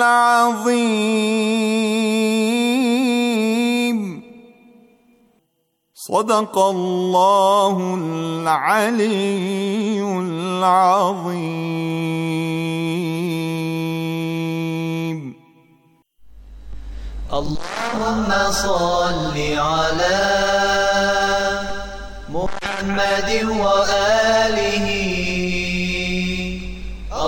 العظيم صدق الله العلي العظيم اللهم صل على محمد وآله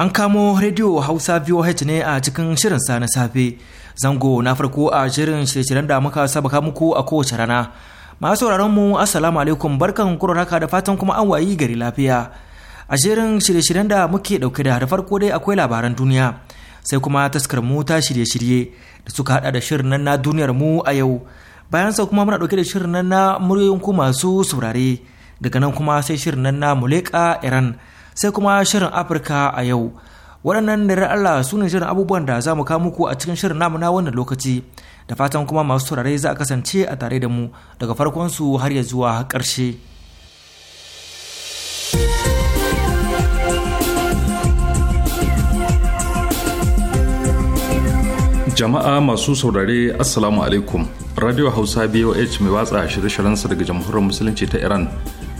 An kamo rediyo Hausa VOH ne a cikin shirin sa na safe. Zango na farko a shirin shirye da muka sabaka muku a kowace rana. Masu sauraron mu Assalamu alaikum barkan kuraraka da fatan kuma an wayi gari lafiya. A shirin shirye-shiryen da muke ɗauke da da farko dai akwai labaran duniya. Sai kuma taskar mu ta shirye-shirye da suka haɗa da shirin nan na duniyar mu a yau. Bayan sa kuma muna dauke da shirin nan na muryoyin ku masu saurare. Daga nan kuma sai shirin nan na Muleka Iran. sai kuma shirin Afirka a yau. Waɗannan da Allah su ne shirin abubuwan da za mu kawo muku a cikin shirin namu na wannan lokaci. Da fatan kuma masu turare za a kasance a tare da mu daga farkon su har ya zuwa ƙarshe. jama'a masu saurare assalamu alaikum radio hausa boh mai watsa shirye-shiryensa daga jamhuriyar musulunci ta iran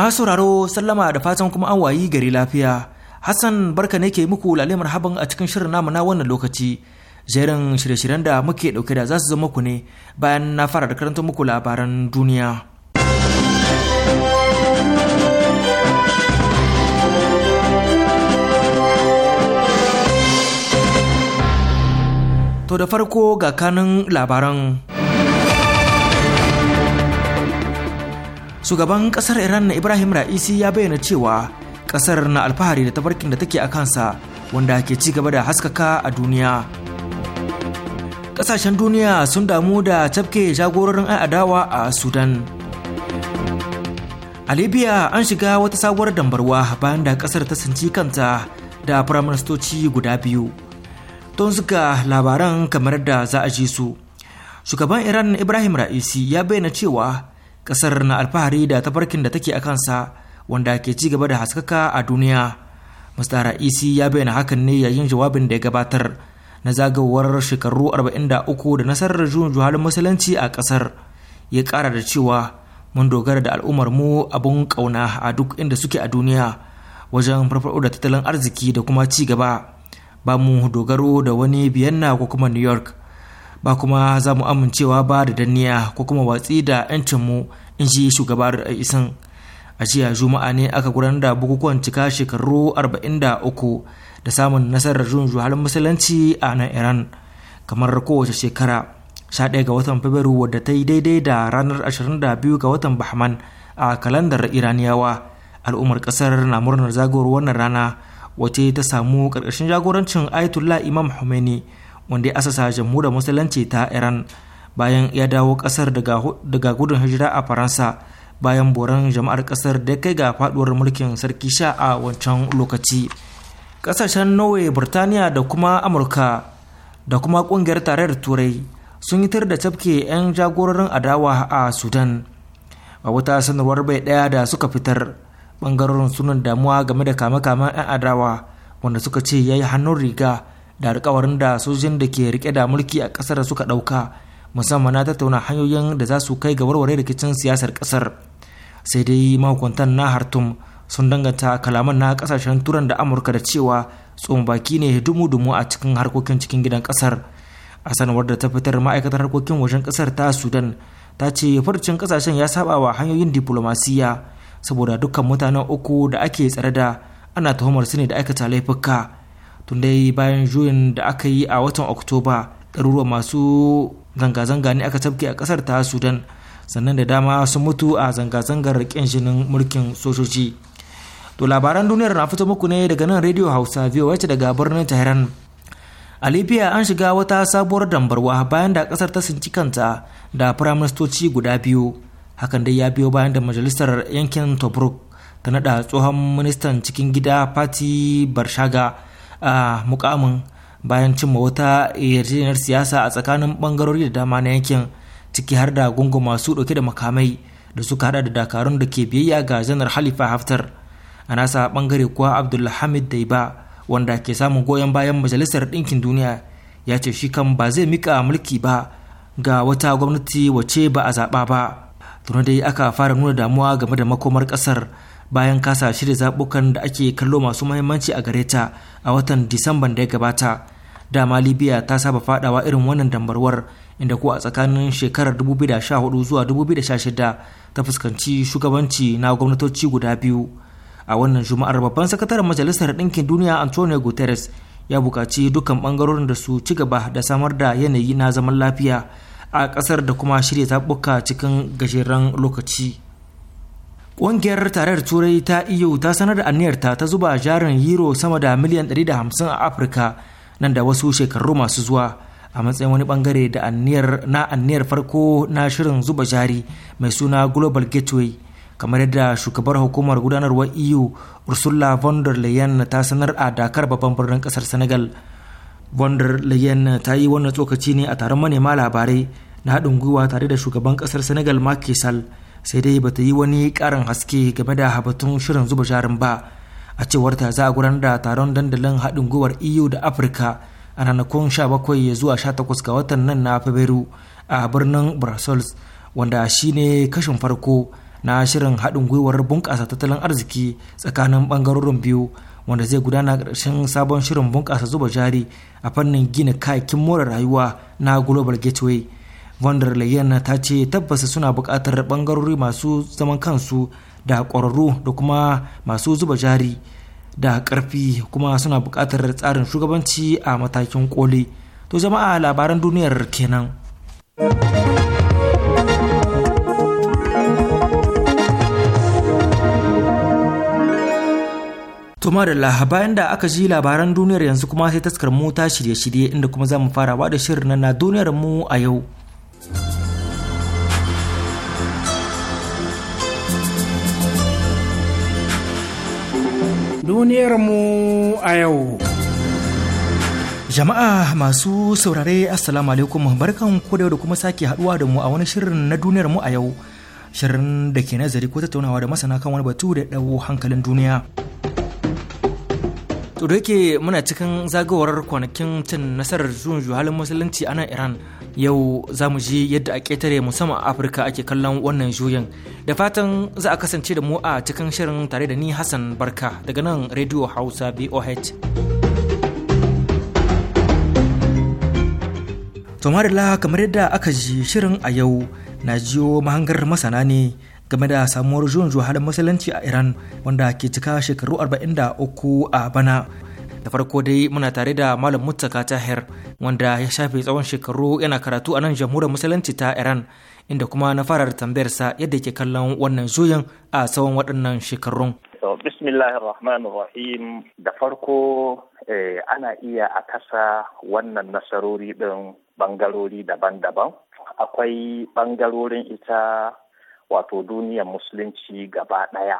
masu sauraro sallama da fatan kuma an wayi gari lafiya hassan barka ne ke muku lalemar haban a cikin shirin namu na wannan lokaci jerin shirye-shiryen da muke dauke da za su zama ku ne bayan na fara da karanta muku labaran duniya To da farko ga kanin labaran shugaban kasar iran na ibrahim ra'isi ya bayyana cewa kasar na alfahari da tafarkin da take a kansa wanda ke ci gaba da haskaka a duniya kasashen duniya sun damu da tafke jagororin adawa a sudan a libya an shiga wata sabuwar dambarwa bayan da kasar ta sinci kanta da firaministoci guda biyu don suka labaran kamar da za a ji su shugaban iran ibrahim ra'isi ya bayyana cewa kasar na alfahari da tafarkin da take a kansa wanda ke ci gaba da haskaka a duniya mr isi ya bayyana hakan ne yayin jawabin da ya gabatar na zagawar shekaru 43 da nasarar juyin juhalin musulunci a kasar ya kara da cewa mun dogara da al'ummar mu abun kauna a duk inda suke a duniya wajen farfaɗo da tattalin arziki da kuma ci gaba ba mu dogaro da wani biyanna ko kuma new york ba kuma za mu amincewa ba da danniya ko kuma watsi da 'yancinmu in ji shugabar isan a jiya juma'a ne aka gudanar da bukukuwan cika shekaru 43 da samun nasarar jun juhalin musulunci a nan iran kamar kowace shekara 11 ga watan fabrairu wadda ta yi daidai da ranar 22 ga watan bahman a kalandar iraniyawa al'ummar kasar na murnar zagawar wannan rana wace ta samu karkashin jagorancin ayatollah imam khomeini wanda ya asasa jamhuriyar musulunci ta iran bayan ya dawo kasar daga gudun hijira a faransa bayan boran jama'ar kasar da kai ga faduwar mulkin sarki sha a wancan lokaci kasashen norway burtaniya da kuma amurka da kuma kungiyar tarayyar turai sun yi tar da tafke 'yan jagororin adawa a sudan a wata sanarwar bai daya da suka fitar bangarorin sunan damuwa game da kame-kamen 'yan adawa wanda suka ce ya yi hannun riga da alkawarin da sojojin da ke rike da mulki a kasar suka dauka musamman na tattauna hanyoyin da za su kai ga warware rikicin siyasar kasar sai dai mahukuntan na hartum sun danganta kalaman na kasashen turan da amurka da cewa tsohon baki ne dumu-dumu a cikin harkokin cikin gidan kasar a sanarwar da ta fitar ma'aikatar harkokin wajen kasar ta sudan ta ce farcin kasashen ya saba wa hanyoyin diplomasiya saboda dukkan mutanen uku da ake tsare da ana tuhumar su ne da aikata laifuka tun dai bayan juyin da aka yi a watan oktoba ɗaruruwa masu zanga-zanga ne aka tafke a ƙasar ta sudan sannan da dama sun mutu a zanga-zangar ƙin jinin mulkin sojoji to labaran duniyar na fito muku ne daga nan radio hausa wacce daga birnin tehran a libya an shiga wata sabuwar dambarwa bayan da kasar ta sinci kanta da firaministoci guda biyu hakan dai ya biyo bayan da majalisar yankin tobruk ta nada tsohon ministan cikin gida fati barshaga a mukamin bayan cimma wata yarjejeniyar siyasa a tsakanin bangarori da dama na yankin ciki har da gungu masu dauke da makamai da suka hada da dakarun da ke biyayya ga janar halifa haftar a nasa bangare kuwa abdulhamid daiba wanda ke samun goyon bayan majalisar ɗinkin duniya ya ce shi kan ba zai mika mulki ba ga wata gwamnati wace ba a zaɓa ba tuna dai aka fara nuna damuwa game da makomar ƙasar bayan kasa shirya zaɓukan da ake kallo masu mahimmanci a gare ta a watan disamban da ya gabata dama libya ta saba fadawa irin wannan dambarwar inda ko a tsakanin shekarar 2014 zuwa 2016 ta fuskanci shugabanci na gwamnatoci guda biyu a wannan juma'ar babban sakataren majalisar ɗinkin duniya antonio guterres ya buƙaci dukkan ɓangarorin da su ci gaba da samar da yanayi na zaman lafiya a ƙasar da kuma shirya zaɓuka cikin gajeren lokaci. Ƙungiyar tarayyar Turai ta EU ta sanar da aniyarta ta zuba jarin euro sama da miliyan 150 a Afirka nan da wasu shekaru masu zuwa a matsayin wani bangare da aniyar na aniyar farko na shirin zuba jari mai suna Global Gateway kamar yadda shugabar hukumar gudanarwar EU Ursula von der Leyen ta sanar a Dakar babban birnin kasar Senegal. Von der Leyen ta yi wannan tsokaci ne a taron manema labarai na haɗin gwiwa tare da shugaban kasar Senegal Macky Sall sai dai bata yi wani karin haske game da batun shirin zuba jarin ba a cewar ta za a gudanar da taron dandalin haɗin gwiwar eu da afirka a ranakun 17 zuwa 18 ga watan nan na fabaru a birnin brussels wanda shine kashin farko na shirin haɗin gwiwar bunƙasa tattalin arziki tsakanin ɓangarorin biyu wanda zai gudana ƙarshen sabon shirin bunƙasa zuba jari a fannin gina kayakin more rayuwa na global gateway von der Leyen ta ce tabbas suna bukatar bangarori masu zaman kansu da kwararru da kuma masu zuba jari da karfi kuma suna bukatar tsarin shugabanci a matakin koli To jama'a labaran duniyar kenan. Tumarilla bayan da aka ji labaran duniyar yanzu kuma sai taskar mu ta shirye-shirye inda kuma za mu farawa da shirin na duniyar mu a yau. duniyarmu a yau. Jama'a masu saurare Assalamu alaikum barkan ku da kuma sake haduwa da mu a wani shirin na duniyarmu a yau. Shirin da ke nazari ko tattaunawa da masana kan wani batu da dawo hankalin duniya. to da yake muna cikin zagawar kwanakin cin nasarar zuwan juhalin musulunci a nan iran yau za mu ji yadda a ƙetare musamman a afirka ake kallon wannan juyin da fatan za a kasance da mu a cikin shirin tare da ni hassan barka daga nan radio hausa boh tomarila kamar yadda aka ji shirin a yau na jiyo mahangar masana ne game da samuwar juyin halin musulunci a iran wanda ke cika shekaru 43 a bana da farko dai muna tare da malam muttaka tahir wanda ya shafe tsawon shekaru yana karatu a nan jamhuriyar musulunci ta iran inda kuma na fara da tambayarsa yadda ke kallon wannan juyin a tsawon waɗannan shekarun da farko eh, ana iya a kasa wannan nasarori ɗin bangarori daban-daban akwai bangarorin ita wato duniyar musulunci gaba ɗaya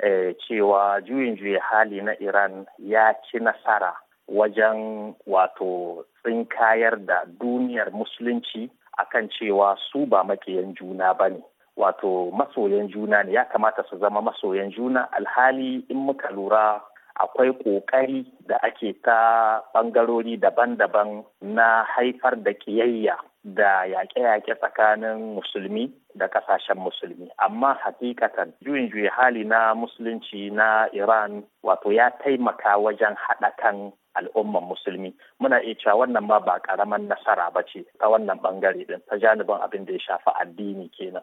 eh, cewa juyin juya hali na iran ya ci nasara wajen wato tsinkayar da duniyar musulunci akan cewa su ba makiyan juna ba ne wato masoyan juna ne ya kamata su zama masoyan juna alhali in muka lura akwai ƙoƙari da ake ta ɓangarori daban-daban na haifar da ƙiyayya da yaƙe-yaƙe tsakanin musulmi da ƙasashen musulmi amma hakikatan juyin juyi hali na musulunci na iran wato ya taimaka wajen haɗa kan al'umman musulmi muna iya cewa wannan ma ba ƙaramin nasara ba ce ta wannan ɓangare ɗin ta janibin abin da ya shafi addini kenan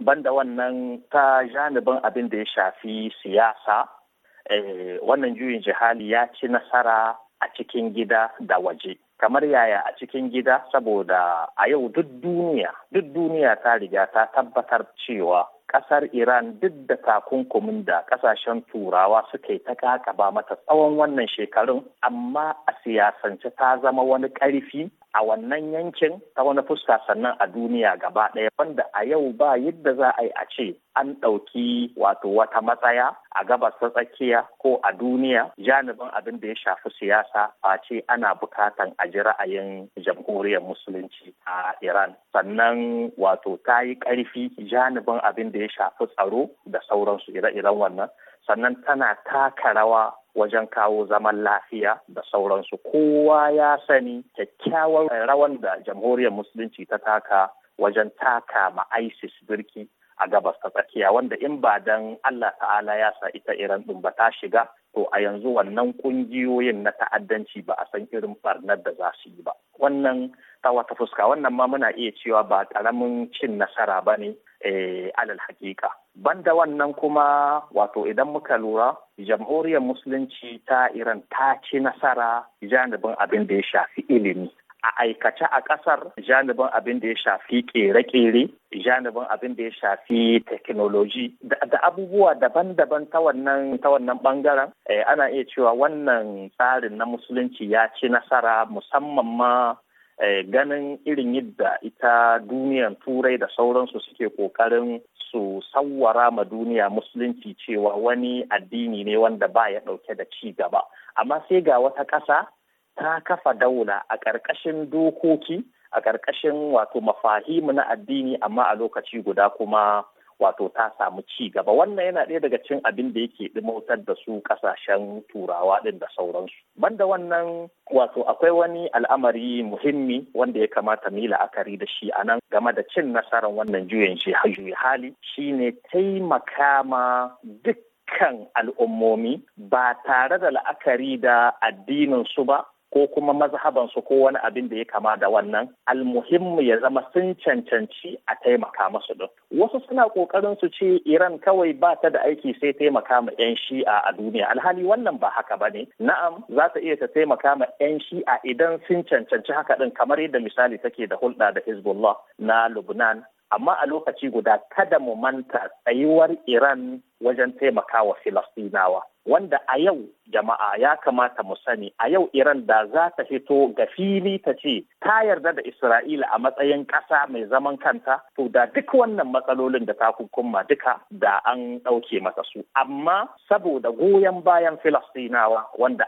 banda wannan ta janibin abin da ya shafi siyasa eh, wannan juyin jihali ya ci nasara a cikin gida da waje kamar yaya a cikin gida saboda a yau duk duniya duk duniya ta riga ta tabbatar cewa kasar Iran duk da takunkumin da kasashen turawa suke ta kakaba mata tsawon wannan shekarun amma a siyasance ta zama wani karfi a wannan yankin ta wani fuska sannan a duniya gaba ɗaya wanda a yau ba yadda za a yi a ce an ɗauki wato wata matsaya a gabas ta tsakiya ko a duniya janibin abin da ya shafi siyasa a ce ana bukatan a ji ra'ayin jamhuriyar musulunci a Iran sannan wato ta yi ƙarfi janibin abin da ya shafi tsaro da sauransu ire-iren wannan sannan tana taka rawa wajen kawo zaman lafiya da sauransu kowa ya sani kyakkyawar rawan da jamhuriyar musulunci ta taka wajen taka ma isis birki a gabas ta tsakiya wanda in ba dan allah ta'ala ya sa ita iran ɗin ba ta shiga to a yanzu wannan kungiyoyin na ta'addanci ba a san irin barnar da za su yi ba wannan ta wata fuska wannan ma muna iya cewa ba ƙaramin cin nasara ba ne Eh, alal hakika. Banda wannan kuma wato idan muka lura jamhuriyar musulunci ta Iran ta ci nasara janibin abin da ya shafi ilimi. A aikace a ƙasar janibin abin da ya shafi ƙere-ƙere, janibin abin da ya shafi teknoloji da abubuwa daban-daban ta wannan ta wannan bangaren eh, ana iya cewa wannan tsarin na musulunci ya ci nasara musamman ma Eh, ganin irin yadda ita duniyan turai da sauransu suke kokarin su sawwara ma duniya musulunci cewa wani addini ne wanda ba ya ɗauke da ci gaba amma sai ga wata ƙasa ta kafa daula a ƙarƙashin dokoki a ƙarƙashin wato mafahimu na addini amma a lokaci guda kuma wato ta samu ci gaba wannan yana ɗaya daga cin abin da yake ɗimautar da su ƙasashen turawa ɗin da sauransu banda wannan wato akwai wani al'amari muhimmi wanda ya kamata mu yi la'akari da shi a nan game da cin nasarar wannan juyin shi hali shine taimaka ma duk al'ummomi ba tare da la'akari da addinin su ba ko kuma mazhabansu ko wani abin da ya kama da wannan almuhimmu ya zama sun cancanci a taimaka masu din wasu suna kokarin su ce iran kawai ba ta da aiki sai taimaka ma yan shi'a a duniya alhali wannan ba haka ba ne na'am za ta iya ta taimaka ma yan shi'a idan sun cancanci haka din kamar yadda misali take da hulɗa da hezbollah na lubnan amma a lokaci guda kada mu manta tsayuwar iran wajen taimakawa filastinawa wanda a yau jama'a ya kamata mu sani a yau iran da za ta fito ga fili ta ce ta yarda da isra'ila a matsayin ƙasa mai zaman kanta to da duk wannan matsalolin da ta hukumma duka da an ɗauke mata su amma saboda goyon bayan filastinawa wanda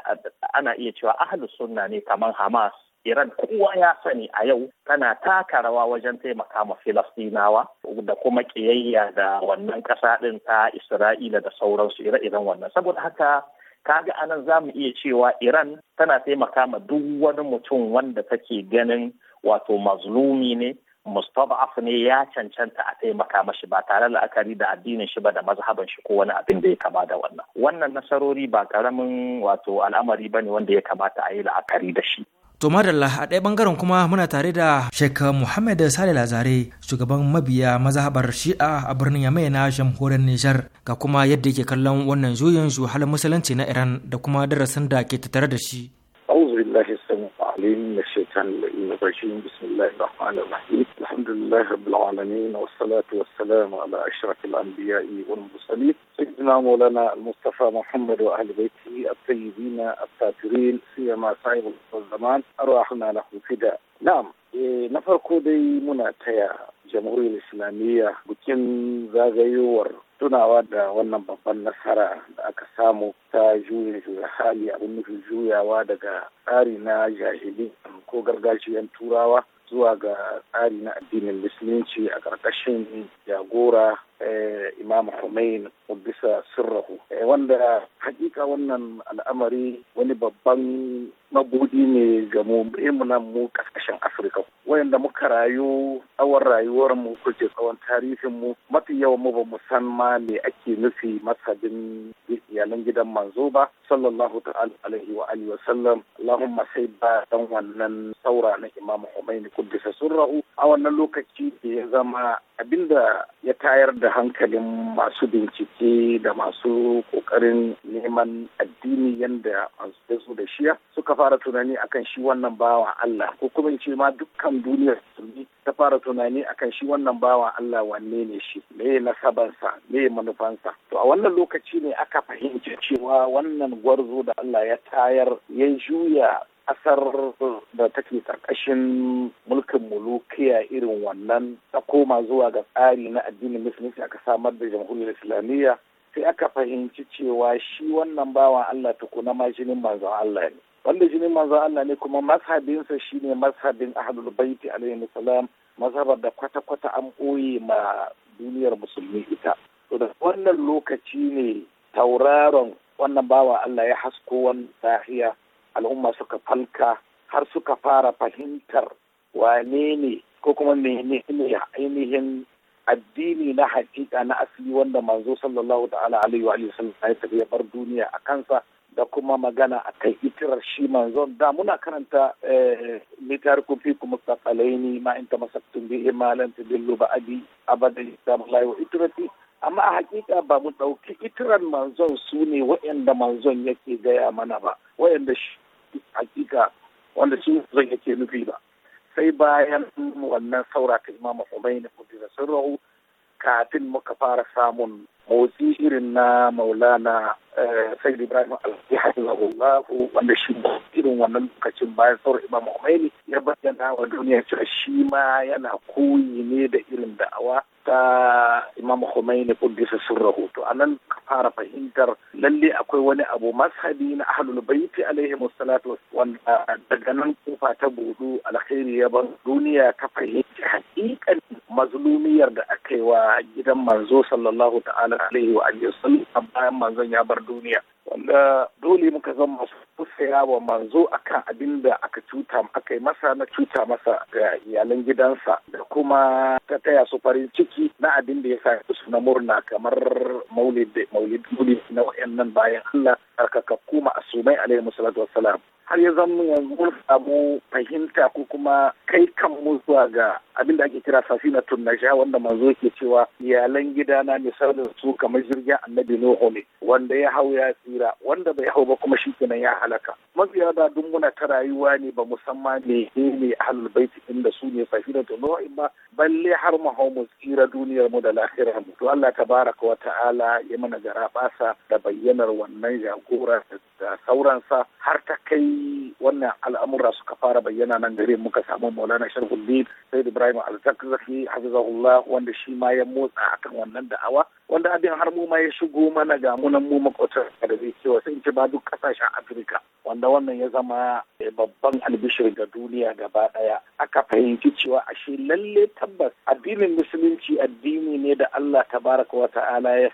ana iya cewa ahlus sunna ne kamar hamas Iran kowa ya sani a yau tana taka rawa wajen taimaka ma Filastinawa da kuma ƙiyayya da wannan ƙasa ɗin ta Isra'ila da sauransu ire-iren wannan. Saboda haka kaga anan za mu iya cewa Iran tana taimaka ma duk wani mutum wanda take ganin wato mazlumi ne mustad'af ne ya cancanta a taimaka mashi ba tare da la'akari da addinin shi ba da mazhaban shi ko wani abin da ya kama da wannan wannan nasarori ba karamin wato al'amari bane wanda ya kamata a yi la'akari da shi To madalla a ɗaya ɓangaren kuma muna tare da Sheikh Muhammad Sale Lazare shugaban mabiya mazhabar Shi'a a birnin Yamai na jamhuriyar Nijar ga kuma yadda yake kallon wannan juyin halin musulunci na Iran da kuma darasin da ke tattare da shi. أعوذ بالله السميع العليم من الشيطان اللعين الرجيم بسم الله الرحمن سيدنا مولانا المصطفى محمد واهل بيته الطيبين الطاهرين سيما صاحب الزمان ارواحنا له na farko dai muna taya jamhuriyar islamiyya bikin zagayowar tunawa da wannan babbar nasara da aka samu ta juya juya hali abin nufin juyawa daga tsari na jahili ko gargajiyan turawa zuwa ga tsari na addinin musulunci a ƙarƙashin jagora Eh, imam Khomein bisa sirrahu eh, wanda hakika wannan al'amari wani babban mabudi ne ga mu nan mu kasashen Afirka wayanda muka rayu tsawon rayuwar mu ko tsawon tarihin mu mafi yawan mu ba mu san ma me ake nufi masabin iyalan gidan manzo ba sallallahu ta'ala alaihi wa alihi wa sallam Allahumma sai ba dan wannan saura na Imam Khomein kuddisa sirrahu a wannan lokaci da ya zama abinda ya tayar da da hankalin masu bincike da masu ƙoƙarin neman addini yadda masu su da shiya suka fara tunani akan shi wannan bawa Allah ko kuma ce ma dukkan duniyar musulmi ta fara tunani akan shi wannan bawa Allah wanne ne shi me nasabansa me manufansa to a wannan lokaci ne aka fahimci cewa wannan gwarzo da Allah ya tayar ya juya Kasar da take ƙarƙashin mulkin mulukiya irin wannan ta koma zuwa ga tsari na addinin musulunci aka samar da jamhuriyar islamiyya sai aka fahimci cewa shi wannan bawan Allah tukuna ma jinin manzon Allah ne wanda jinin manzon Allah ne kuma mazhabinsa shine mazhabin ahlul baiti alaihi salam mazhabar da kwata-kwata an ɓoye ma duniyar musulmi ita to da wannan lokaci ne tauraron wannan bawa Allah ya hasko wani sahiya al'umma suka falka har suka fara fahimtar wane ne ko kuma menene ainihin addini na hakika na asali wanda manzo sallallahu alaihi wa sallam ya bar duniya a kansa da kuma magana a kai itirar shi manzon da muna karanta eh, litar kufi kuma tsakalaini ma in ta masaktun bi imalan ta dillu ba adi abadan islamullahi wa itirati amma a hakika ba mu ɗauki itirar manzon su ne waɗanda manzon yake gaya mana ba waɗanda shi hakika wanda shi zan yake nufi ba sai bayan wannan saura ta imama Khomeini sun sirrahu kafin muka fara samun motsi irin na maulana sayyid ibrahim alhaji hafizahullahu wanda shi irin wannan lokacin bayan sauran imam khomeini ya bayyana wa duniya cewa shi ma yana koyi ne da irin da'awa ta imam khomeini kuddisa sun to anan ka fara fahimtar lalle akwai wani abu mashabi na ahlul baiti alaihi wassalatu wanda daga nan kofa ta budu alkhairi ya ban duniya ta fahimci hakikan mazlumiyar da aka wa gidan manzo sallallahu ta'ala alaihi wa alihi wasallam bayan manzon ya bar duniya wanda dole muka zama masu fusaya wa manzo akan abin da aka cuta aka yi masa na cuta masa ga iyalan gidansa da kuma ta taya su farin ciki na abin da ya sa su na murna kamar maulid maulid na wayannan bayan Allah tsarkakakku ma'asumai alaihi salatu wassalam har ya zama yanzu mun samu fahimta ko kuma kai kan mu zuwa ga abin da ake kira safina tunnasha wanda manzo ke cewa iyalan gida na misalin su kamar jirgin annabi Nuhu ne wanda ya hau ya tsira wanda bai hau ba kuma shi kenan ya halaka mabiya da duk muna ta rayuwa ne ba musamman ne ne ahlul bait inda su ne safina tunnasha ba balle har mu hau mu tsira duniyar mu da lahirar mu to Allah tabaraka wa ta'ala ya mana gara basa da bayyanar wannan jagora da da sauransa har ta kai wannan al'amura suka fara bayyana nan gare muka samu maulana sharhuddin sai ibrahim al-zakzaki hafizahullah wanda shi ma ya motsa akan wannan da'awa wanda abin har mu ma ya shigo mana ga munan mu makwata da zai wa sai ce ba duk kasashen afirka wanda wannan ya zama babban albishir ga duniya gaba daya aka fahimci cewa ashe lalle tabbas addinin musulunci addini ne da Allah tabaraka wa ta'ala ya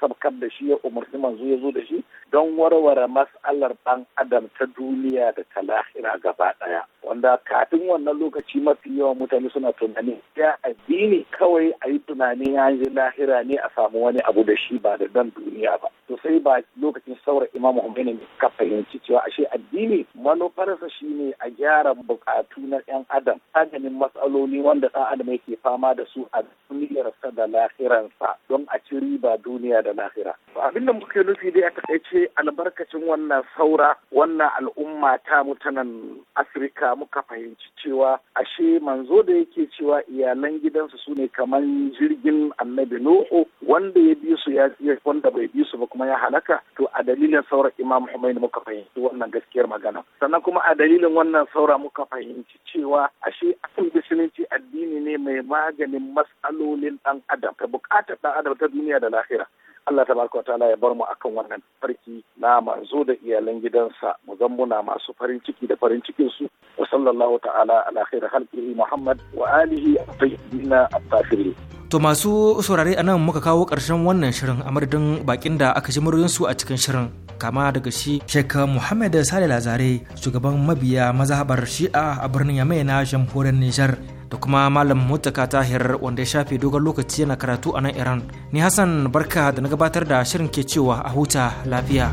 sabkar da shi ya umarci manzo ya zo da shi don warware matsalar ɗan adam ta duniya da ta lahira gaba ɗaya wanda kafin wannan lokaci mafi yawan mutane suna tunani ya addini kawai a yi tunanin ya yi lahira ne a samu wani abu da shi ba da dan duniya ba to sai ba lokacin saura imamu ne ka fahimci cewa ashe addini manufarsa ne a gyara bukatu na yan adam ganin matsaloli wanda ɗan adam yake fama da su a duniyarsa da lahiransa don a ci riba duniya da lahira abin da muke nufi dai a takaice albarkacin wannan saura wannan al'umma ta mutanen afirka muka fahimci cewa ashe manzo da yake cewa iyalan gidansu su ne kamar jirgin annabi nuhu wanda ya bi su ya wanda bai bi su ba kuma ya halaka to a dalilin saura imam humaini muka fahimci wannan gaskiyar magana sannan kuma a dalilin wannan saura muka fahimci cewa ashe asin musulunci addini ne mai maganin matsalolin dan adam ka bukatar dan adam ta duniya da lahira Allah tabaraka ta'ala ya bar mu akan wannan farki na manzo da iyalan gidansa mu zan muna masu farin ciki da farin cikin su wa sallallahu ta'ala ala khairu khalqihi Muhammad wa alihi tayyibina at-tahirin to masu saurare anan muka kawo karshen wannan shirin a madadin bakin da aka ji muryoyin su a cikin shirin kama daga shi Sheikh Muhammad Sale Lazare shugaban mabiya mazhabar Shi'a a birnin Yamai na jamhuriyar Nijar da kuma malam mutaka tahir wanda ya shafe dogon lokaci yana karatu a nan iran ni hassan barka da na gabatar da shirin ke cewa a huta lafiya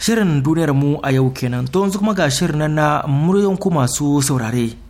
Shirin duniyar mu a yau kenan to yanzu kuma ga shirin na muryoyin masu saurare.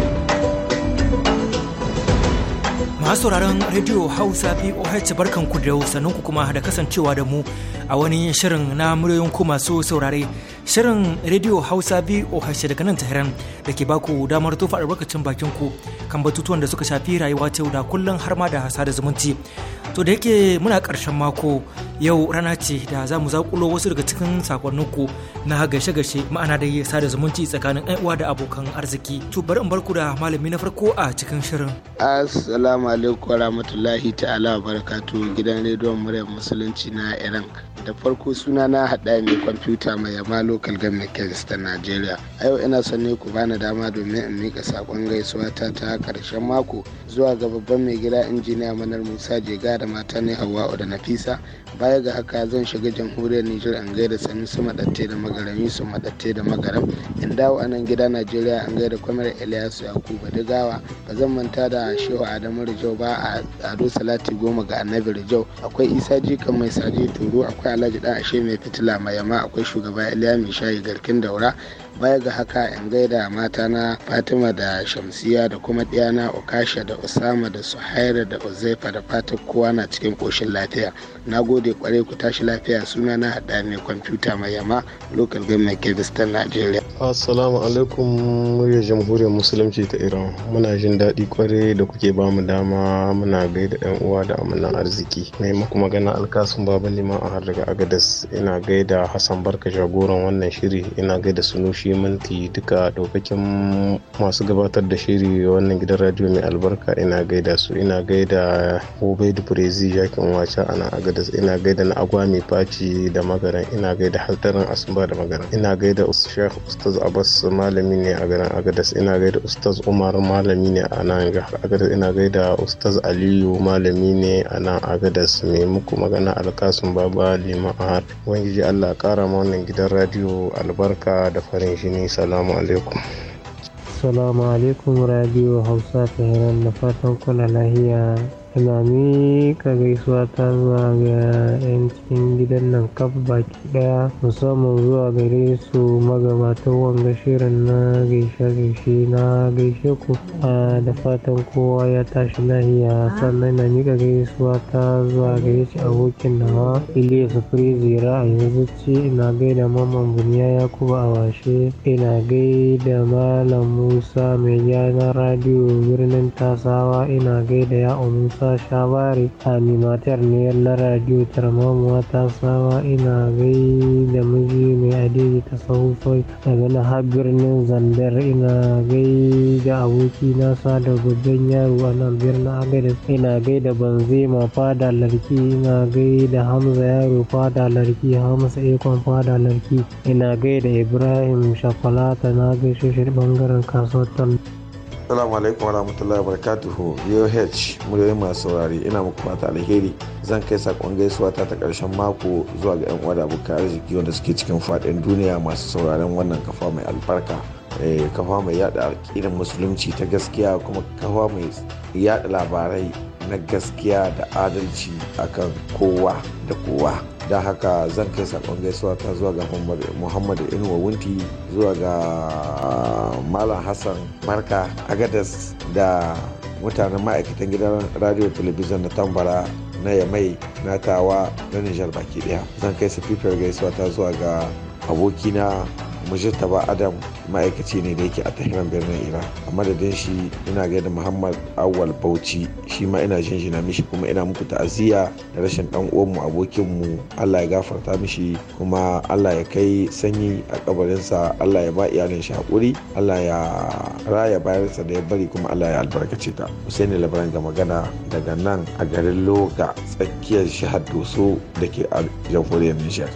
Masu Radio Hausa POH barkanku da sannan ku kuma da kasancewa da mu a wani shirin na muryoyin ku masu saurare. Shirin Radio Hausa POH daga nan Tahiran da ke baku damar tofa albarkacin bakin ku kan batutuwan da suka shafi rayuwa ta da kullum har ma da hasa da zumunci. To da yake muna karshen mako yau rana ce da za mu zakulo wasu daga cikin sakonnin ku na gashe-gashe ma'ana da sada zumunci tsakanin uwa da abokan arziki. To bari in barku da malami na farko a cikin shirin. alaikum warahmatullahi ta'ala barakatu gidan rediyon murya musulunci na iran da farko suna na haɗa ne kwamfuta mai yamma local government kings ta nigeria a yau ina son ne ku bani dama domin in mika sakon gaisuwa ta ta ƙarshen mako zuwa ga babban mai gida injiniya manar musa jega da mata ne hawa'u da nafisa baya ga haka zan shiga jamhuriyar nijar an gaida sami su madatte da magaram yusuf madatte da magaram in dawo a nan gida najeriya an gaida kwamar ilyasu yakubu gawa ba zan manta da shehu adamu rijau ba a ado salati goma ga annabi rijau akwai isa jikan mai saji turu akwai alhaji dan ashe mai fitila mai yama akwai shugaba iliya mai shayi garkin daura baya ga haka in gaida matana fatima da shamsiya da kuma diyana okasha da usama da suhaira da uzaifa da fatan kowa na cikin koshin lafiya na gode kwarai ku tashi lafiya suna na haɗa mai kwamfuta mai yama local government kebistan nigeria assalamu alaikum murya jamhuriyar musulunci ta iran muna jin daɗi kwarai da kuke ba mu dama muna gaida yan uwa da amanan arziki mai muku magana alkasun baban liman a har daga agadas ina gaida hassan barka jagoran wannan shiri ina gaida sunushi shi mulki duka ɗaukakin masu gabatar da shiri wannan gidan radio mai albarka ina gaida su ina gaida obaidu brezi jakin wacha ana agadas ina gaida na agwa mai faci da magaran ina gaida haltarin asuba da magaran ina gaida shekh ustaz abbas malami ne a garin agadas ina gaida ustaz umar malami ne a nan agadas ina gaida ustaz aliyu malami ne a nan agadas mai muku magana alkasun baba liman wani ji allah kara ma wannan gidan radio albarka da farin mai shi ne salamu alaikum Assalamu alaikum radio Hausa ta na fatan kula lahiya ina miƙa gaisuwa ta zuwa ga 'yan cikin gidan nan kaf baki ɗaya musamman zuwa gare su magabatan wanga shirin na gaishe-gaishe na gaishe ku da fatan kowa ya tashi lahiya sannan na miƙa gaisuwa ta zuwa ga shi abokin nawa iliya sufuri zira a yanzu ce ina gaida mamman buniya yakubu a washe ina gaida malam musa mai gyana radiyo birnin tasawa ina gaida ya musa shawari animatar ne na radio tarmamuwa ta sama ina gai da miji mai adini ta sahufai daga na har birnin zandar ina gai da aboki na sada babban yaro a nan birnin agadis ina gai da ma fada larki ina gai da hamza yaro fada larki hamza ikon fada larki ina gai da ibrahim shakwalata na gaishe shi bangaren kasuwar Assalamu alaikum wa rahmatullahi wa barakatuhu VOH muryoyin masu saurari ina muku fata alheri zan kai sakon gaisuwa ta ta karshen mako zuwa ga 'yan uwa da abokan arziki wanda suke cikin fadin duniya masu sauraron wannan kafa mai albarka eh, kafa mai yada aƙidar musulunci ta gaskiya kuma kafa mai yada labarai na gaskiya da adalci akan kowa da kowa da haka zan kai sakon gaisuwa ta zuwa ga muhammadu inuwa wunti zuwa ga malam hassan marka agadas da mutanen ma'aikatan gidan radio talabijin na tambara na yamai na tawa na nijar baki daya zan kai su fifiyar gaisuwa ta zuwa ga abokina ba adam ma'aikaci ne da yake a tahiran birnin iran a madadin shi ina gaida muhammad awal bauchi shi ma ina jinjina mishi kuma ina muku ta'aziyya da rashin dan uwanmu abokinmu allah ya gafarta mishi kuma allah ya kai sanyi a kabarinsa allah ya ba iyalin shi haƙuri allah ya raya bayarsa da ya bari kuma allah ya albarkace ta husaini labaran ga magana daga nan a garin loga tsakiyar jihar doso da ke a jamhuriyar nijar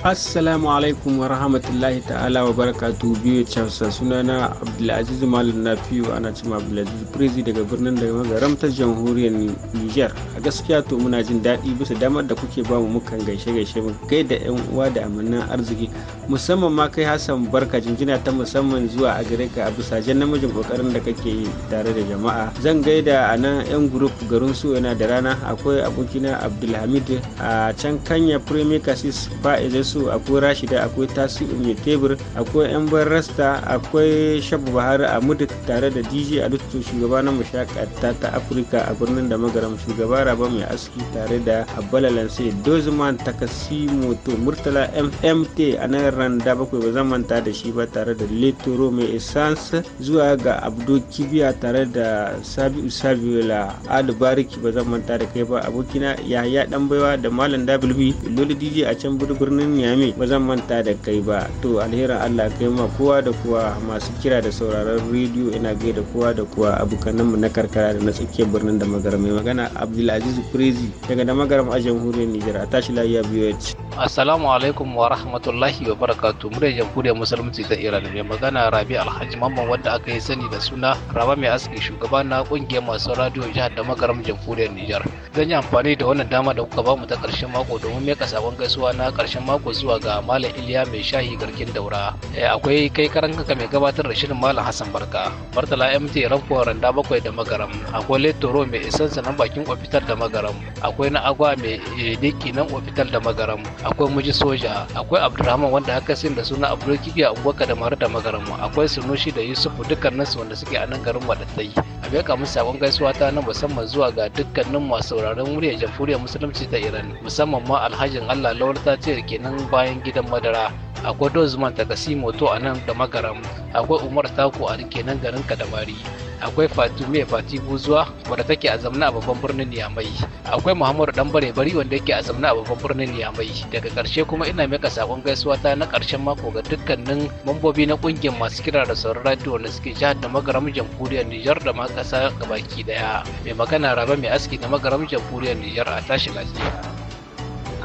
assalamu alaikum wa rahmatullahi ta'ala wa barakatu biyu chafsa sunana abdulaziz malam na fiyo ana cima abdulaziz prezi daga birnin daga magaram ta jamhuriyar nijar a gaskiya to muna jin daɗi bisa damar da kuke bamu mukan gaishe gaishe mu kai da yan uwa da amannin arziki musamman ma kai hassan barka jinjina ta musamman zuwa a gare ka a bisa jan namijin kokarin da kake yi tare da jama'a zan gaida a nan yan group garin su yana da rana akwai abokina abdulhamid a can kanya premier kasis ba isu akwai rashida akwai tasiu mai tebur akwai yan rasta akwai shabu bahari a mudu tare da dj alutu shugaba na mashakata ta afirka a birnin da magaram shugaba raba mai aski tare da abbala lansi dozman takasi moto murtala mmt a nan randa bakwai ba manta da shi ba tare da letoro mai essence zuwa ga abdo kibiya tare da sabiu sabiola alibariki ba manta da kai ba abokina yaya dan baiwa da malam dabilmi lolo dj a can birnin Niyami ba zan manta da kai ba to alherin Allah kai ma kowa da kowa masu kira da sauraron rediyo ina gaida da kowa da kowa abokananmu na karkara da na tsakiyar birnin da magaram mai magana Abdulaziz Kurezi daga da magaram a jamhuriyar Nijar a tashi lafiya ci. Assalamu alaikum wa rahmatullahi wa barakatu mu da jamhuriyar musulunci ta Iran mai magana Rabi Alhaji Mamman wanda aka yi sani da suna Raba mai aski shugaba na kungiyar masu radio jihar da magaram jamhuriyar Nijar. Zan yi amfani da wannan dama da kuka bamu ta karshen mako domin meka sabon gaisuwa na karshen mako bakwai zuwa ga Malam Iliya mai shahi garkin daura. Eh, akwai kai karan kanka mai gabatar da shirin Malam Hassan Barka. Murtala MT Rafuwa Randa bakwai da Magaram. Akwai Letoro mai isansa nan bakin ofitar da Magaram. Akwai na Agwa mai eh, diki nan ofitar da Magaram. Akwai Muji Soja. Akwai Abdurrahman wanda aka sin da suna Abdul Kiki a Abubakar da Mara da Magaram. Akwai Sunushi da Yusufu su wanda suke a nan garin Wadatai. A beka kamun sakon gaisuwa ta na musamman zuwa ga dukkanin masu sauraron muryar jamhuriyar musulunci ta Iran musamman ma alhajin Allah lawar ta ce kenan garu bayan gidan madara akwai dozman ta simoto a nan da magaram akwai umar tako a kenan garin kadamari akwai fatume fati buzuwa wadda take a zamna a babban birnin niyamai akwai muhammadu dan bare bari wanda yake a zamna a babban birnin niyamai daga karshe kuma ina mika sakon gaisuwa ta na karshen mako ga dukkanin mambobi na kungiyar masu kira da sauran radio da suke jihar da magaram jamhuriyar nijar da ma kasa gabaki daya mai magana raba mai aski da magaram jamhuriyar nijar a tashi lafiya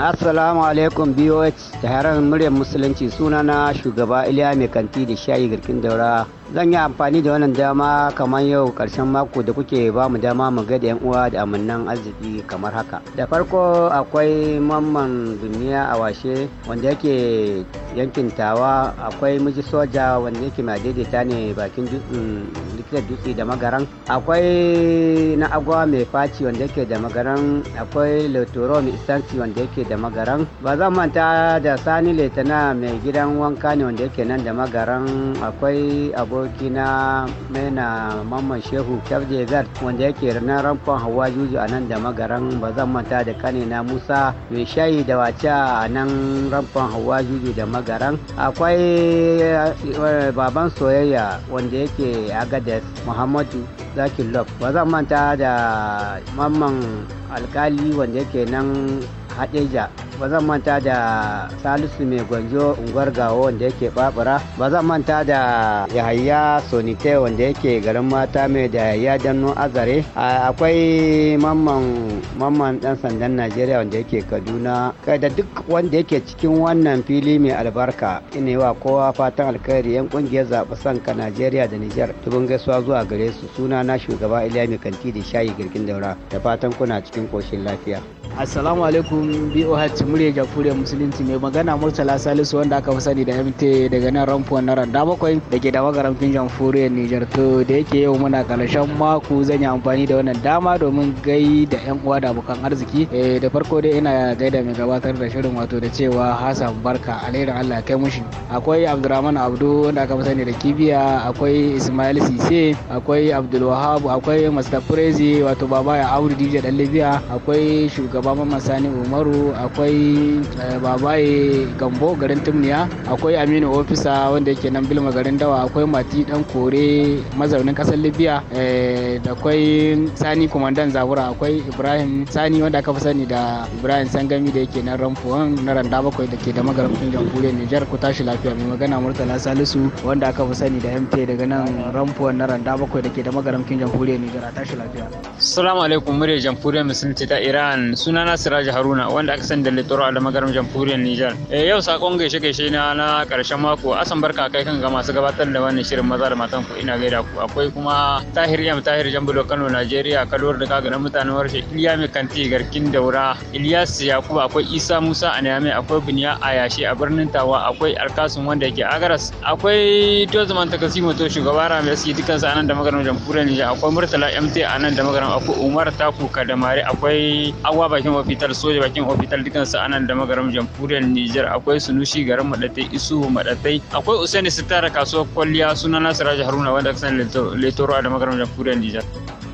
Assalamu alaikum BOH taron muryar musulunci sunana shugaba Iliya mai kanti da shayi garkin daura zan yi amfani da wannan dama kamar yau karshen mako da kuke ba mu dama mu ga da yan uwa da amannan arziki kamar haka da farko akwai mamman duniya a washe wanda yake yankin tawa akwai miji soja wanda yake mai daidaita ne bakin likitar dutse da magaran akwai na agwa mai faci wanda yake da magaran akwai lautoro mai istanci wanda yake da magaran ba zan manta da sani letana mai gidan wanka ne wanda yake nan da magaran akwai abu abokina maina mamman shehu kyabje wanda yake rana rankon hawa juju a nan da magaran ba zan manta da kanina musa mai shayi da wace a nan rankon hawa juju da magaran akwai eh, baban soyayya wanda yake agades muhammadu zakin love ba zan manta da mamman alkali wanda yake nan hadeja ba zan manta da salisu mai gwanjo unguwar gawo wanda yake babura ba zan manta da yahaya sonite wanda yake garin mata mai da yahaya danno azare akwai mamman mamman dan sandan najeriya wanda yake kaduna kai da duk wanda yake cikin wannan fili mai albarka ina yi wa kowa fatan alkhairi yan kungiyar zaɓi sanka najeriya da nijar tubin gaisuwa zuwa gare su suna na shugaba iliya mai kanti da shayi girgin daura da fatan kuna cikin koshin lafiya assalamu alaikum boh murya jamhuriyar musulunci mai magana murtala salisu wanda aka fi sani da mt daga nan ramfuwan na randa bakwai da ke da magaramfin jamhuriyar nijar to da yake yau muna karshen mako zan yi amfani da wannan dama domin gai da yan uwa da abokan arziki eh, da farko dai ina gaida mai gabatar da shirin wato da cewa hassan barka alherin allah kai mushi akwai abdurrahman abdu wanda aka fi sani da kibiya akwai ismail sise akwai abdulwahab akwai Mr. Prezi wato baba ya auri dj dan libya akwai shugaba mamman sani umaru akwai akwai eh, babaye gambo garin tumniya akwai aminu ofisa wanda yake nan bilma garin dawa akwai mati dan kore mazaunin kasar libya eh, da akwai sani kumandan zabura akwai ibrahim sani wanda aka fi sani da ibrahim sangami da yake nan ramfuwan na randa bakwai da ke da magarafin jamhuriyar nijar ku tashi lafiya mai magana murtala salisu wanda aka fi sani da mp daga nan ramfuwan na randa bakwai da ke da magarafin jamhuriyar nijar a tashi lafiya. salamu alaikum murya jamhuriyar musulunci ta iran sunana siraji haruna wanda aka sani da Toro a Magaram Jamhuriyar Nijar. Eh, yau sakon gaishe gaishe na na karshen mako asan barka kai kan ga masu gabatar da wannan shirin maza da matan ku ina gaida ku akwai kuma Tahir Yam Tahir Jambulo Kano Najeriya kaluwar da kaga na mutanen warshe Iliya Mai Kanti Garkin Daura Ilyas Yakuba akwai Isa Musa a Niyame akwai Biniya a Yashi a birnin Tawa akwai Alkasun wanda yake Agaras akwai Tozman Takasimo to shugaba Ramesi dukkan sa anan da Magaram Jamhuriyar Nijar akwai Murtala MT anan da Magaram akwai Umar Taku Kadamare akwai Awa bakin ofital soja bakin ofital dukkan Ilyas anan da magaram jamhuriyar Nijar akwai Sunushi garin Madatai Isu Madatai akwai Usaini Sitara kasuwar kwalliya suna Nasir Haruna wanda kasan Letoro da magaram jamhuriyar Nijar.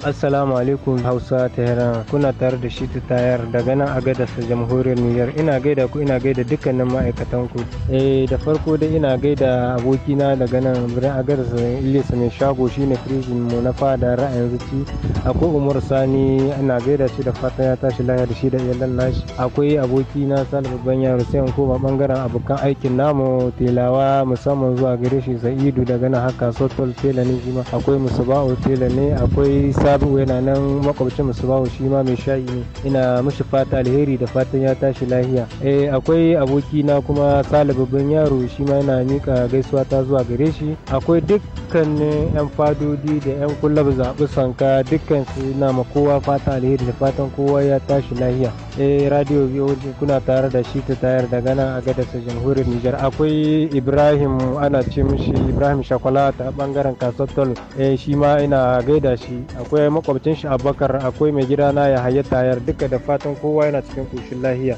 assalamu alaikum hausa tehran kuna tare da shi ta tayar daga nan agadarsa jamhuriyar niger ina gaida ku ina gaida dukkanin ma'aikatan ku eh da farko dai ina gaida abokina daga nan birnin agadas ilis mai shago shine firijin mu na fada ra'ayin zuci akwai umar sani ina gaida shi da fatan ya tashi layar da shi da iyalan nashi akwai abokina sani babban yaro sai ko ba bangaren abokan aikin namu telawa musamman zuwa gare shi sa'idu daga nan haka sotol tela ne shi ma akwai musaba'u tela ne akwai sa rabi'u yana nan makwabcin bawo shi ma mai sha'i ne ina mishi fata alheri da fatan ya tashi lahiya eh akwai aboki na kuma sale babban yaro shi ma yana mika gaisuwa ta zuwa gare shi akwai dukkanin yan fadodi da yan kullab zaɓi sanka dukkan su na ma kowa fata alheri da fatan kowa ya tashi lahiya eh radio VOG kuna tare da shi ta tayar da gana a gadasa jamhuriyar Nijar akwai Ibrahim ana ce mishi Ibrahim Shakwala ta bangaren Kasotol eh shi ma ina gaida shi akwai makwabcin shi Abubakar akwai mai gidana yahaya tayar duka da fatan kowa yana cikin koshin lahiya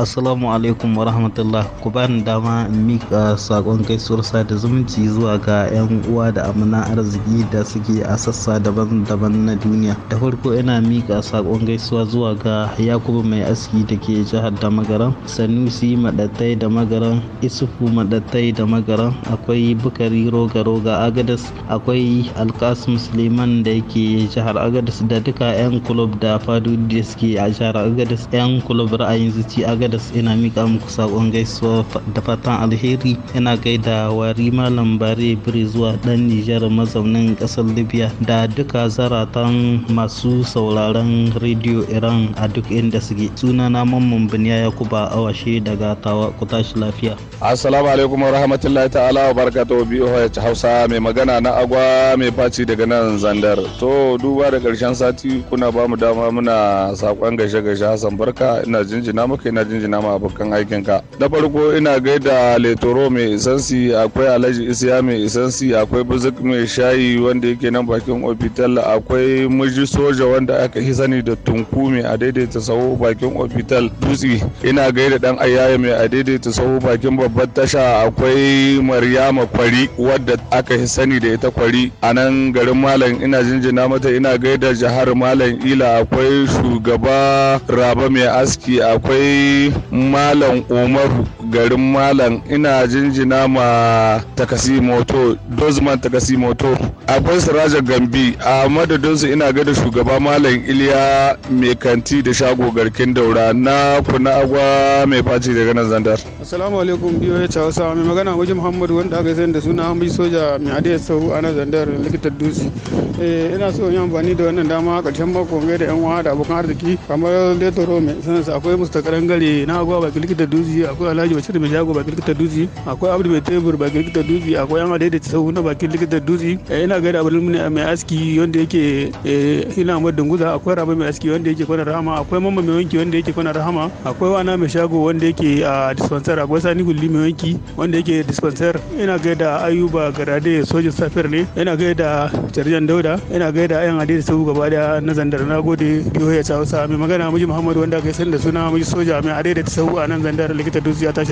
assalamu alaikum warahmatullah ku bani dama in mika sakon sursa da zumunci zuwa ga yan uwa da amana arziki da suke a sassa daban-daban na duniya da farko ina mika sakon gaisuwa zuwa ga yakubu mai aski da ke jihar da magaran sanusi madattai da magaran isufu madattai da magaran akwai bukari roga-roga agadas akwai alkasim suleiman da yake jihar agadas da duka yan kulub da fadu da suke a jihar agadas yan kulub ra'ayin zuci agadas agadas ina mika muku sakon gaisuwa da fatan alheri ina gaida wari malam bare bire zuwa dan nijar mazaunin kasar libya da duka zaratan masu sauraron rediyo iran a duk inda suke suna na mamman biniya yakuba awashe daga tawa ku tashi lafiya assalamu alaikum rahmatullahi ta'ala wa barakatuhu biyu hausa mai magana na agwa mai faci daga nan zandar to duba da karshen sati kuna ba mu dama muna sakon gashe gaishe hasan barka ina jinjina maka ina jinjina ma abokan aikinka da farko ina gaida letoro mai isansi akwai alhaji isiya mai isansi akwai buzuk mai shayi wanda yake nan bakin ofital akwai miji soja wanda aka yi sani da tunku mai a daidaita sahu bakin ofital dutse ina gaida dan ayaya mai a daidaita sahu bakin babbar tasha akwai maryama kwari wadda aka yi sani da ita kwari a nan garin malam ina jinjina mata ina gaida jihar malam ila akwai shugaba raba mai aski akwai Malam Umaru. garin malam ina jinjina ma takasi moto dozman takasi moto akwai siraja gambi a madadinsu ina gada shugaba malam iliya mai kanti da shago garkin daura na kuna agwa mai faci daga nan zandar assalamu alaikum biyo ya cewa sa mai magana wajen muhammadu wanda aka sayar da suna hambi soja mai adiyar sau a nan zandar likitar dutse eh, ina so yin amfani da wannan dama karshen mako mai da yan uwa da abokan arziki kamar letoro mai sanarsa akwai mustakaran gare na agwa baki likitar dutse akwai alhaji bashir mai shago bakin likitar dutse akwai abdu mai tebur bakin likitar dutse akwai yan adai da tsawo na bakin likitar dutse a eh, yana gaida abin mai aski wanda yake hina eh, mai dunguza akwai rama mai aski wanda yake kwana rahama akwai mamma mai wanki wanda yake kwana rahama akwai wana mai shago wanda yake a dispensar akwai sani gulli mai wanki wanda yake dispensar yana gaida ayuba garade sojin safiyar ne yana gaida jarjan dauda yana gaida yan adai da tsawo gaba daya na zandar na gode biyo ya hausa mai magana muji muhammadu wanda aka yi sanda suna muji soja mai adai da tsawo a nan zandar likita dutse ya tashi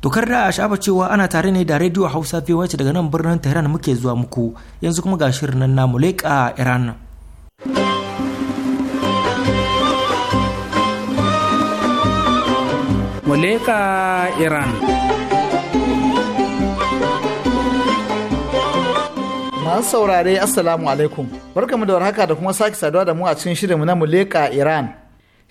Tokar da a shafa cewa ana tare ne da Radio Hausa wace daga nan birnin Tehran muke zuwa muku yanzu kuma ga shirin nan namu leƙa Iran. Muleka Iran Masu saurare Assalamu alaikum, barkamu da warhaka da kuma sake saduwa da mu a cikin shirin mu na Muleka Iran.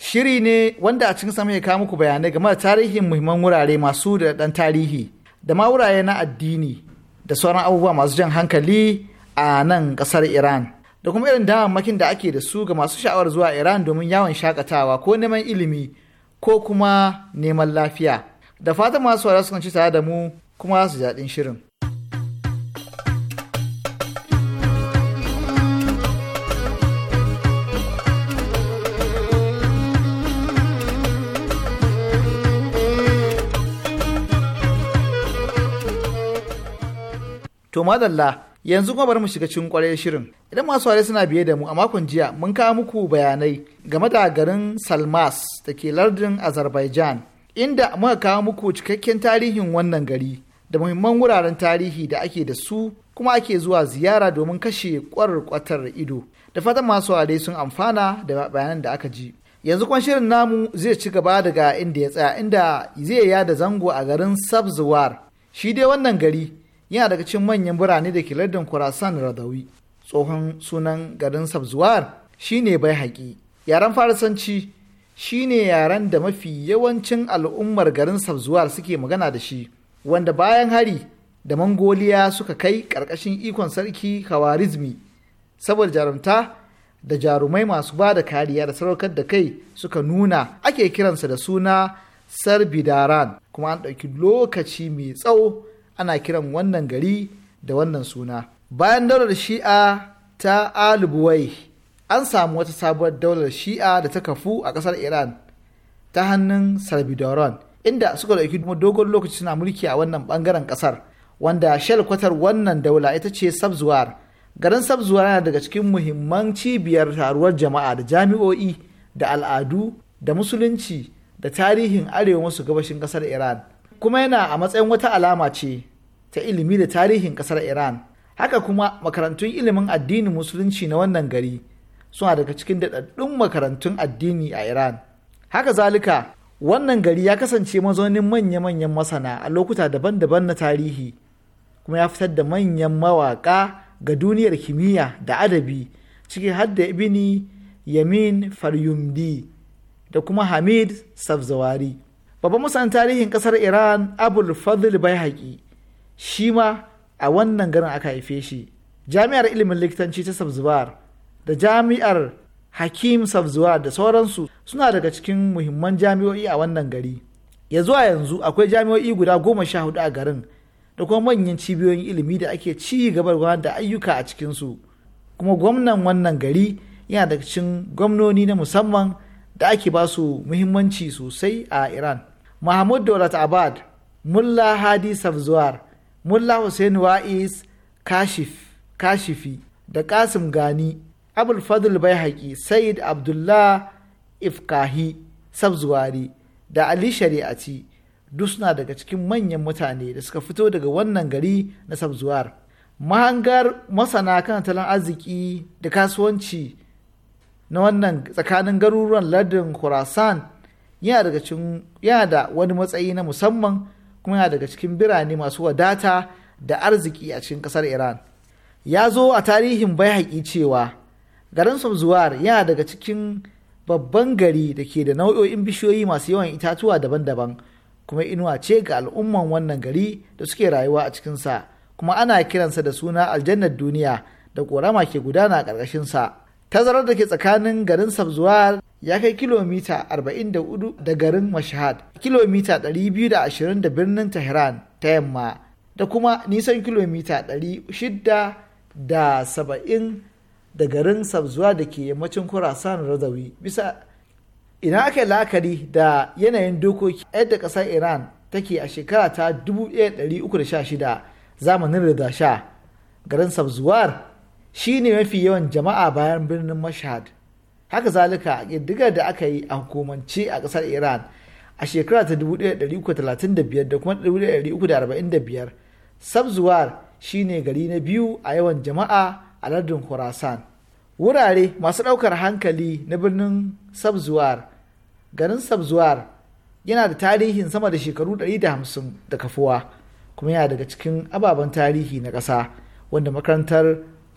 Shiri ne wanda a cikin samun ya kawo muku bayanai game da tarihin muhimman wurare masu da ɗan tarihi da ma wurare na addini da sauran abubuwa masu jan hankali a nan ƙasar Iran. Da kuma irin damammakin da ake da su ga masu sha'awar zuwa Iran domin yawon shakatawa ko neman ilimi ko kuma neman lafiya. Da fatan masu wara sukan ci tare da mu kuma su jaɗin shirin. To madalla yanzu kuma bari mu shiga cikin kwarai shirin. Idan masu ware suna biye da mu a makon jiya mun kawo muku bayanai game da garin Salmas da ke lardin Azerbaijan inda muka kawo muku cikakken tarihin wannan gari da muhimman wuraren tarihi da ake da su kuma ake zuwa ziyara domin kashe kwarkwatar ido. Da fatan masu ware sun amfana da bayanan da aka ji. yanzu kuma shirin namu zai ci gaba daga inda ya tsaya inda zai yada zango a garin sabzuwar shi dai wannan gari yana daga cikin manyan birane da ke lardin Khorasan Radawi. Tsohon sunan garin Sabzuwar shine bai haƙi. Yaren Farisanci shine yaren da mafi yawancin al'ummar garin Sabzuwar suke magana da shi, wanda bayan hari da Mangoliya suka kai ƙarƙashin ikon sarki Khawarizmi saboda jarumta da jarumai masu ba da kariya da saraukar da kai suka nuna ake kiransa da suna Sarbidaran kuma an ɗauki lokaci mai tsawo ana kiran wannan gari da wannan suna bayan daular shi'a ta alibuwai an samu wata sabuwar daular shi'a da ta kafu a ƙasar iran ta hannun sarbidoron inda suka ɗauki dogon lokaci suna mulki a wannan ɓangaren ƙasar wanda kwatar wannan daula ita ce sabzuwar garin sabzuwar yana daga cikin muhimman cibiyar taruwar jama'a da jami'o'i da al'adu da musulunci da tarihin arewa masu gabashin ƙasar iran kuma yana a matsayin wata alama ce ta ilimi da tarihin kasar Iran. Haka kuma makarantun ilimin addini musulunci na wannan gari suna daga cikin daɗaɗɗun makarantun addini a Iran. Haka zalika wannan gari ya kasance mazaunin manya-manyan masana a lokuta daban-daban na tarihi kuma ya fitar da manyan mawaƙa ga duniyar kimiyya da adabi ciki har da ibini yamin faryumdi da kuma hamid safzawari babban masana tarihin kasar iran abul fadl bai shi ma a wannan garin aka haife shi jami'ar ilimin likitanci ta sabzuwar da jami'ar hakim sabzuwar da sauransu suna daga cikin muhimman jami'o'i a wannan gari ya zuwa yanzu akwai jami'o'i guda goma sha hudu a garin da kuma manyan cibiyoyin ilimi da ake ci gaba da ayyuka a cikinsu kuma gwamnan wannan gari yana daga cikin gwamnoni na musamman da ake ba su muhimmanci sosai a iran mahmud daulat abad mulla hadi sabzuwar mulla hussein wa'is kashif kashifi da kasim gani abul fadl bai haƙi sayid abdullah ifkahi sabzuwari da ali shari'aci duk suna daga cikin manyan mutane da suka fito daga wannan gari na sabzuwar mahangar masana kan talan arziki da kasuwanci na wannan tsakanin garuruwan lardin khurasan yana da wani matsayi na musamman kuma yana daga cikin birane masu wadata da arziki a cikin kasar iran ya zo a tarihin bai cewa garin samzuwar yana daga cikin babban gari da ke da nau'o'in bishiyoyi masu yawan itatuwa daban-daban kuma inuwa ce ga al'umman wannan gari da suke rayuwa a cikinsa kuma ana kiransa da suna aljannar duniya da ƙorama ke gudana a ƙarƙashinsa tazarar da ke tsakanin garin sabzuwar ya kai kilomita 44 da garin mashahad kilomita 220 da birnin tehran ta yamma da kuma nisan kilomita 670 da garin sabzuwa da ke yammacin kurasan radawi bisa ina aka la'akari da yanayin dokoki yadda ƙasar iran take a shekara ta 1316 zamanin da sha garin sabzuwar shine mafi yawan jama'a bayan birnin mashhad haka zalika ƙididdigar da aka yi a hukumance a ƙasar iran a shekara ta 1335 da kuma 1345 sabzuwar shine gari na biyu a yawan jama'a a lardin khorasan wurare masu ɗaukar hankali na birnin sabzuwar garin sabzuwar yana da tarihin sama da shekaru 150 da kafuwa kuma yana daga cikin ababen tarihi na ƙasa wanda makarantar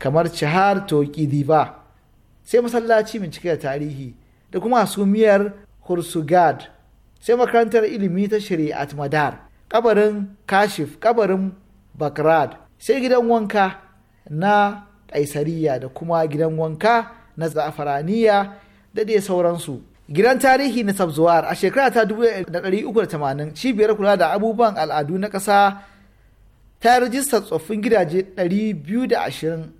kamar cihar toki Diva, sai masallaci bincike cike da tarihi da kuma miyar hursugad sai makarantar ilimi ta shari'at madar kabarin kashif kabarin bakrad sai gidan wanka na kaisariya da kuma gidan wanka na zafaraniya da dai sauransu gidan tarihi na sabzuwar a shekara ta 1380 cibiyar kula da abubuwan al'adu na ƙasa ta rajista tsoffin gidaje 220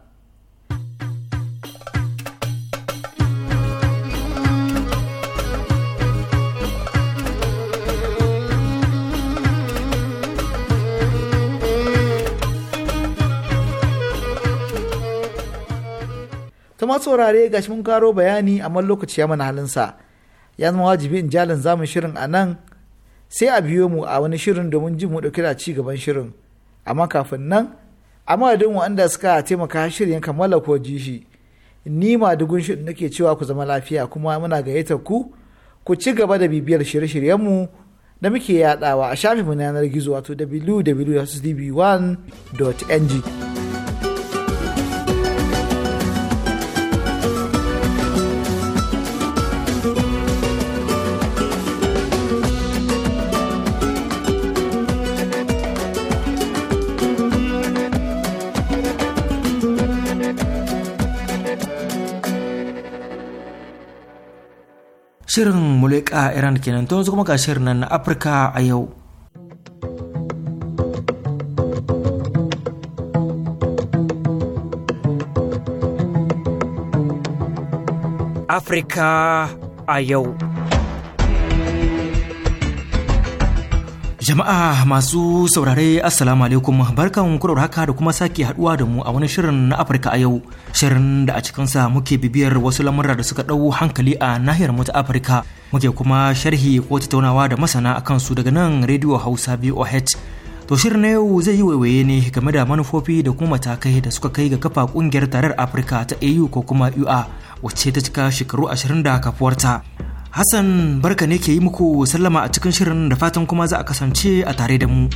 masu saurare gashi mun karo bayani amma lokaci ya mana halinsa ya zama wajibi in jalin zamun shirin a nan sai a biyo mu a wani shirin domin jin mu dauki da ci gaban shirin amma kafin nan a madadin wanda suka taimaka shirin kammala ko ji shi ni ma dugun shirin nake cewa ku zama lafiya kuma muna gayyatar ku ku ci gaba da bibiyar shirye shiryen mu da muke yadawa a shafinmu na yanar gizo wato www.cdb1.ng shirin muleka iran kenan to yanzu kuma ga shirin nan na afirka a yau afirka a yau Jama'a masu saurare Assalamu alaikum barkan kurar haka da kuma sake haduwa da mu a wani shirin na Afirka a yau shirin da a cikinsa muke bibiyar wasu lamurra da suka ɗau hankali a nahiyar mu ta Afirka muke kuma sharhi ko tattaunawa da masana a kansu daga nan Radio Hausa BOH to shirin na yau zai yi waiwaye ne game da manufofi da kuma matakai da suka kai ga kafa kungiyar tarar Afirka ta AU ko kuma UA wacce ta cika shekaru ashirin da kafuwarta Hassan barka ne ke yi muku sallama a cikin shirin da fatan kuma za a kasance a tare da mu.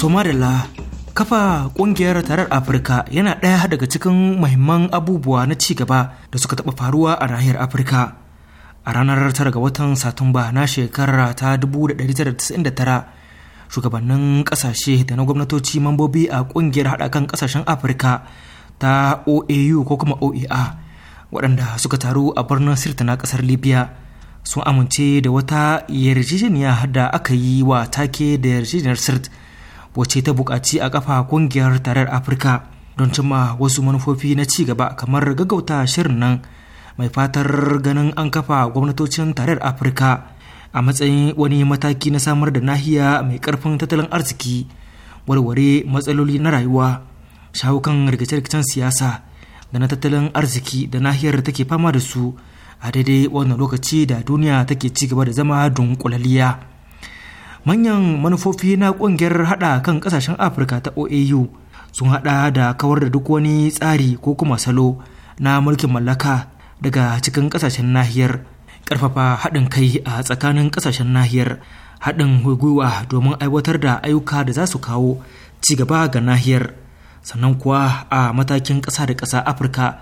Tomarilla kafa ƙungiyar tarar Afirka yana ɗaya daga cikin mahimman abubuwa na cigaba da suka taɓa faruwa a nahiyar Afirka. A ranar 9 ga watan Satumba na shekara ta 1999 shugabannin kasashe da na gwamnatoci mambobi a kungiyar haɗa kan kasashen afirka ta oau ko kuma oea waɗanda suka taru a birnin sirta na ƙasar libya sun amince da wata yarjejeniya da aka yi wa take da yarjejeniyar sirt wacce ta buƙaci a kafa kungiyar tarar afirka don cimma wasu manufofi na ci gaba kamar gaggauta shirin nan mai fatar ganin an kafa gwamnatocin tarar afirka a matsayin wani mataki na samar da nahiya mai karfin tattalin arziki warware matsaloli na rayuwa shawo kan rikice-rikicen siyasa da na tattalin arziki da nahiyar da take fama da su a daidai wannan lokaci da duniya take ci gaba da zama dunkulaliya manyan manufofi na kungiyar hada kan kasashen afirka ta oau sun hada da kawar da duk wani tsari ko kuma salo na mulkin mallaka daga cikin kasashen nahiyar ƙarfafa haɗin kai a tsakanin ƙasashen nahiyar haɗin gwiwa domin aiwatar da ayyuka da za su kawo ci gaba ga nahiyar sannan kuwa a matakin ƙasa da ƙasa afirka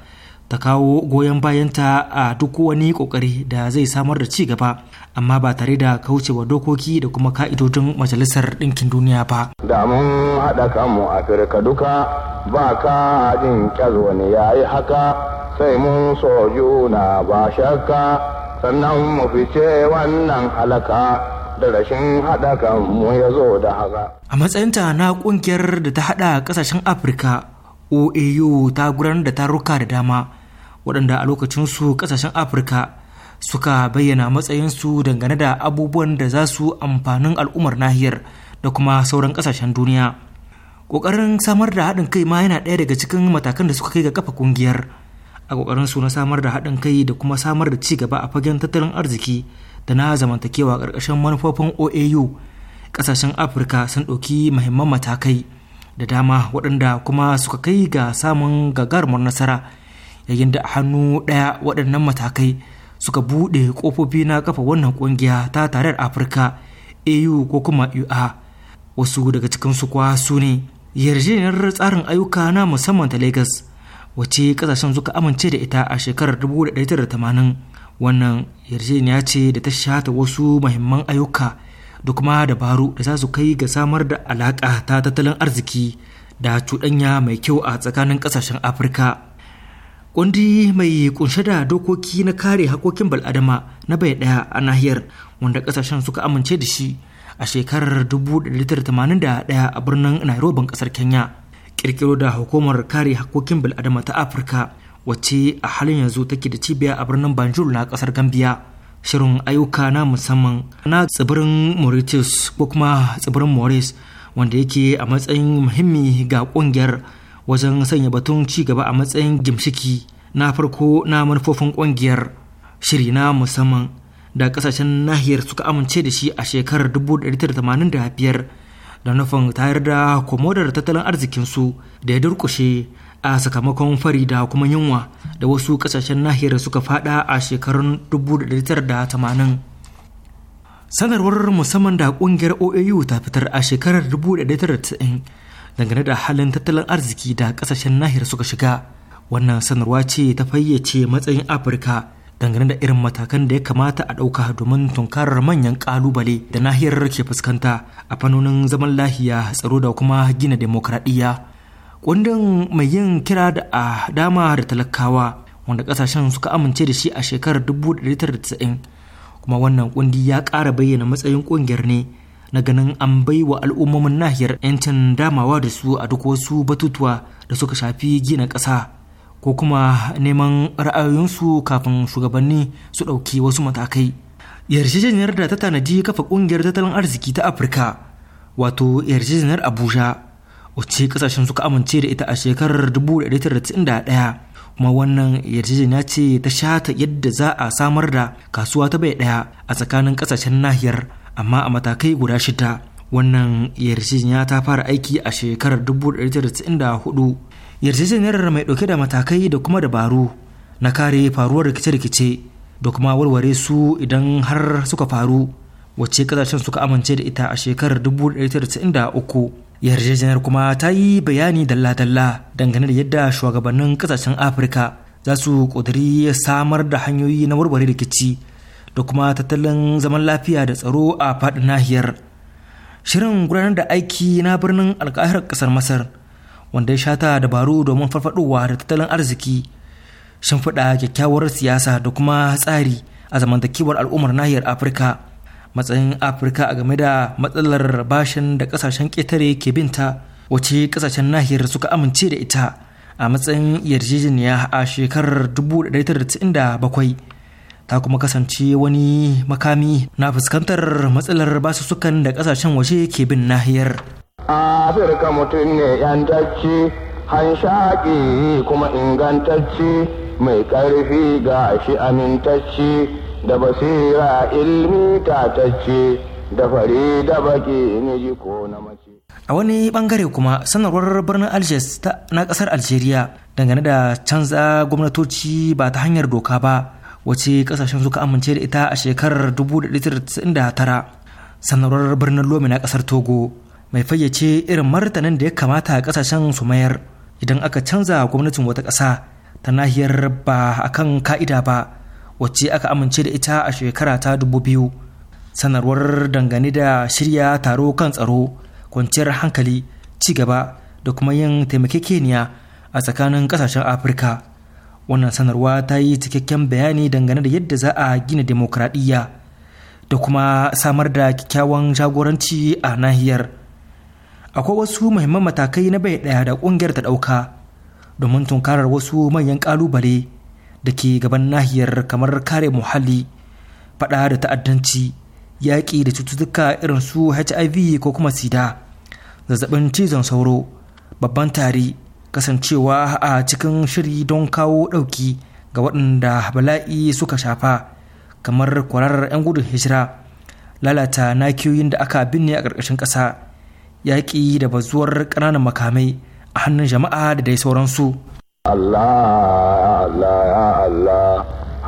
ta kawo goyon bayanta a duk wani ƙoƙari da zai samar da ci gaba amma ba tare da kaucewa dokoki da kuma ka'idodin majalisar ɗinkin duniya ba da mun haɗa kanmu afirka duka ba ka jin ƙyar wani ya yi haka sai mun soju na ba shakka sannan mu fice wannan halaka da rashin haɗa mu ya zo da haka. A matsayinta na ƙungiyar da ta haɗa ƙasashen Afirka, OAU ta gudanar da taruka da dama, waɗanda a lokacinsu ƙasashen Afirka suka bayyana matsayinsu dangane da abubuwan da za su amfanin al'ummar nahiyar da kuma sauran ƙasashen duniya. Ƙoƙarin samar da haɗin kai ma yana ɗaya daga cikin matakan da suka kai ga kafa ƙungiyar. a kokarin su na samar da haɗin kai da kuma samar da ci gaba a fagen tattalin arziki da na zamantakewa ƙarƙashin manufofin oau ƙasashen afirka sun ɗauki muhimman matakai da dama waɗanda kuma suka kai ga samun gagarumar nasara yayin da hannu ɗaya waɗannan matakai suka buɗe ƙofofi na kafa wannan ƙungiya ta tarayyar afirka au ko kuma ua wasu daga cikin su kwa su ne yarjejeniyar tsarin ayyuka na musamman ta lagos wace kasashen suka amince da ita a shekarar 1980 wannan yarjejeniya ce da ta shata wasu mahimman ayyuka da kuma dabaru da za su kai ga samar da alaƙa ta tattalin arziki da cuɗanya mai kyau a tsakanin kasashen afirka kundi mai kunshe da dokoki na kare hakokin bal'adama na bai ɗaya a nahiyar wanda kasashen suka amince da shi a shekarar 1981 a birnin nairobi kasar kenya kirkiro da hukumar kare hakokin bil'adama ta afirka wacce a halin yanzu take da cibiya a birnin banjul na kasar gambia shirin ayyuka na musamman na tsibirin mauritius ko kuma tsibirin maurice wanda yake a matsayin muhimmi ga ƙungiyar wajen sanya batun ci gaba a matsayin gimshiki na farko na manufofin ƙungiyar shiri na musamman da kasashen nahiyar suka amince da shi a shekarar 1985 da nufin tayar da komodar tattalin arzikinsu da ya durkushe a sakamakon fari da kuma yunwa da wasu kasashen nahiyar suka fada a shekarun 1980 sanarwar musamman da kungiyar oau ta fitar a shekarar 1990 dangane da halin tattalin arziki da kasashen nahiyar suka shiga wannan sanarwa ce ta fayyace matsayin afirka dangane da irin matakan da ya kamata a ɗauka domin tunkarar manyan ƙalubale da nahiyar ke fuskanta a fannonin zaman lahiya tsaro da kuma gina demokradiyya kundin mai yin kira da a dama da talakawa wanda ƙasashen suka amince da shi a shekarar 1990 kuma wannan kundi ya ƙara bayyana matsayin ƙungiyar ne na ganin an bai wa al'ummomin nahiyar 'yancin damawa da su a duk wasu batutuwa da suka shafi gina ƙasa ko kuma neman ra'ayoyinsu kafin shugabanni su ɗauki wasu matakai yarjejeniyar da ta tanadi kafa ƙungiyar tattalin arziki ta afirka wato yarjejeniyar abuja wacce ƙasashen suka amince da ita a shekarar 1991 kuma wannan yarjejeniya ce ta shata yadda za a samar da kasuwa ta bai ɗaya a tsakanin ƙasashen nahiyar amma a matakai guda shida wannan yarjejeniya ta fara aiki a shekarar 1994 yarjejeniyar mai ɗauke da matakai da kuma dabaru na kare faruwar rikice-rikice da kuma warware su idan har suka faru wacce kasashen suka amince da ita a shekarar 1993 yarjejeniyar kuma ta yi bayani dalla-dalla dangane da yadda shugabannin kasashen afirka za su ƙudiri samar da hanyoyi na warware rikici da kuma tattalin zaman lafiya da tsaro a faɗin nahiyar shirin gudanar da aiki na birnin alkahirar ƙasar masar wanda ya shata dabaru domin farfaɗowa da tattalin arziki shimfiɗa kyakkyawar siyasa da kuma tsari a zamantakewar al'ummar nahiyar afirka matsayin afirka a game da matsalar bashin da kasashen ƙetare ke binta wace kasashen nahiyar suka amince da ita a matsayin yarjejeniya a shekarar 1997 ta kuma kasance wani makami na fuskantar matsalar basussukan da kasashen waje ke bin nahiyar. afirka mutum ne yantacci hanshaƙi kuma ingantacci mai ƙarfi ga shi amintacci da basira ilmi tatacci da fari da baki ji ko na mace. a wani bangare kuma sanarwar birnin algiers na kasar algeria dangane da canza gwamnatoci ba ta hanyar doka ba wace kasashen suka amince da ita a shekarar 1999 sanarwar birnin lomi na kasar togo mai fayyace irin martanin da ya kamata kasashen su mayar idan aka canza gwamnatin wata ƙasa ta nahiyar ba a kan ka'ida ba wacce aka amince da ita a shekara ta biyu sanarwar dangane da shirya taro kan tsaro kwanciyar hankali ci gaba da kuma yin taimakekeniya a tsakanin kasashen afirka wannan sanarwa ta yi cikakken bayani dangane da yadda za a gina demokradiyya da kuma samar da kyakkyawan jagoranci a nahiyar akwai wasu muhimman matakai na bai daya da kungiyar ta dauka domin tunkarar wasu manyan kalubale da ke gaban nahiyar kamar kare muhalli fada da ta'addanci yaƙi da cututtuka irin su hiv ko kuma sida zazzabin cizon sauro babban tari kasancewa a cikin shiri don kawo ɗauki ga waɗanda bala'i suka shafa kamar kwararar 'yan gudun hijira lalata nakiyoyin da aka binne a ƙarƙashin ƙasa yaƙi da bazuwar ƙananan makamai a hannun jama'a da dai sauransu. Allah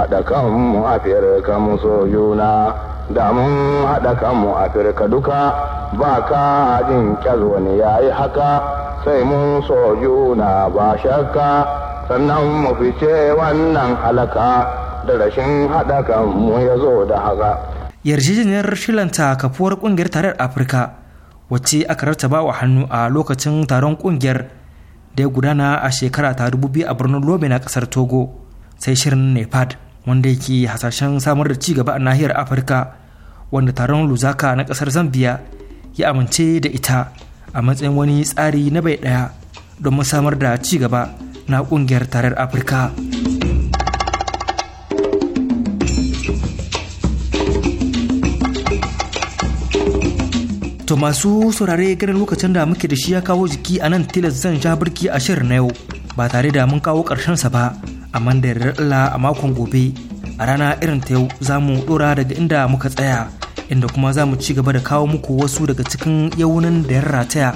haɗa kanmu juna da haɗa kanmu Afirka duka ba ka jin wani yayi haka sai mun so juna ba shakka sannan mu fice wannan halaka da rashin haɗa mu ya zo da haka. Yarjejeniyar shilanta kafuwar ƙungiyar tarayyar Afirka wacce aka ba wa hannu a lokacin taron ƙungiyar da ya gudana a shekara ta biyu a birnin Lobe na ƙasar Togo sai shirin Nepad wanda yake hasashen samar da ci gaba a nahiyar Afirka wanda taron Luzaka na ƙasar zambia ya amince da ita. a matsayin wani tsari na bai ɗaya don samar da ci gaba na ƙungiyar tarar afirka to masu saurare ganin lokacin da muke da shi ya kawo jiki a nan tilas zan ja birki a shirin na yau ba tare da mun kawo sa ba amma da Allah a makon gobe a rana irin ta yau za mu ɗora daga inda muka tsaya inda kuma za mu ci gaba da kawo muku wasu daga cikin yawunan da ya rataya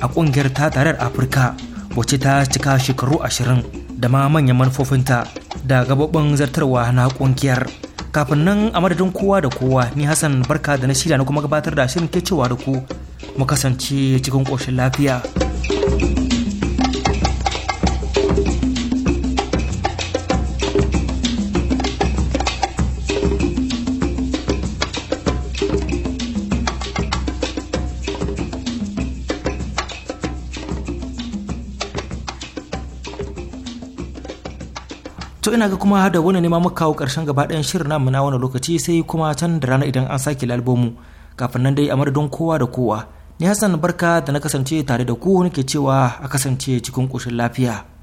a ƙungiyar ta tarar afirka wacce ta cika shekaru ashirin da ma manyan manufofinta da gababban zartarwa na ƙungiyar kafin nan a madadin kowa da kowa ni hassan barka da na shirya na kuma gabatar da shirin ke cewa da ku mu kasance cikin ƙoshin lafiya. to ina ga kuma da wani nema muka kawo karshen gaba ɗayan shirin namu na wani lokaci sai kuma can da rana idan an sake lalbomu kafin nan dai a madadin kowa da kowa ni hassan barka da na kasance tare da ku nake cewa a kasance cikin ƙoshin lafiya